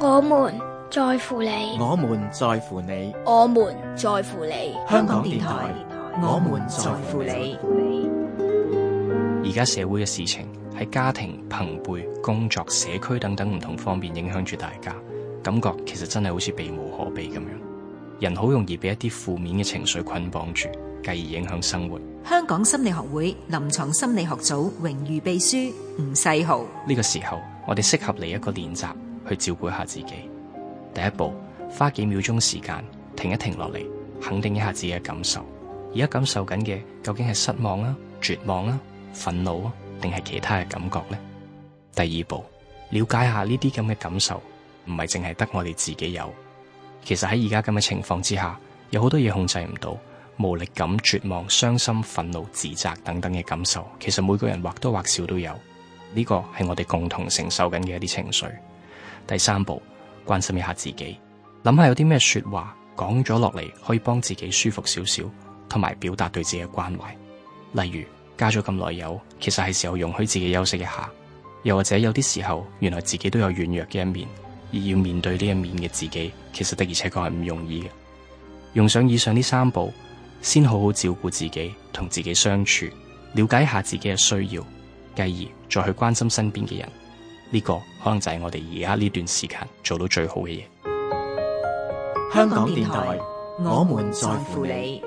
我們在乎你，我們在乎你，我們在乎你。香港電台我們在乎你。而家社會嘅事情喺家庭、朋輩、工作、社區等等唔同方面影響住大家，感覺其實真係好似避無可避咁樣。人好容易俾一啲負面嘅情緒捆綁住，繼而影響生活。香港心理學會臨床心理學組榮譽秘書吳世豪，呢個時候我哋適合嚟一個練習。去照顧下自己。第一步，花幾秒鐘時間停一停落嚟，肯定一下自己嘅感受。而家感受緊嘅究竟係失望啦、啊、絕望啦、啊、憤怒啊，定係其他嘅感覺呢？第二步，了解下呢啲咁嘅感受，唔係淨係得我哋自己有。其實喺而家咁嘅情況之下，有好多嘢控制唔到，無力感、絕望、傷心、憤怒、自責等等嘅感受，其實每個人或多或少都有，呢個係我哋共同承受緊嘅一啲情緒。第三步，關心一下自己，諗下有啲咩說話講咗落嚟可以幫自己舒服少少，同埋表達對自己嘅關懷。例如，加咗咁耐油其實係時候容許自己休息一下。又或者有啲時候，原來自己都有軟弱嘅一面，而要面對呢一面嘅自己，其實的而且確係唔容易嘅。用上以上呢三步，先好好照顧自己，同自己相處，了解一下自己嘅需要，繼而再去關心身邊嘅人。呢個可能就係我哋而家呢段時間做到最好嘅嘢。香港電台，我們在乎你。